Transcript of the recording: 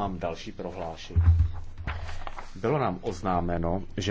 mám další prohlášení. Bylo nám oznámeno, že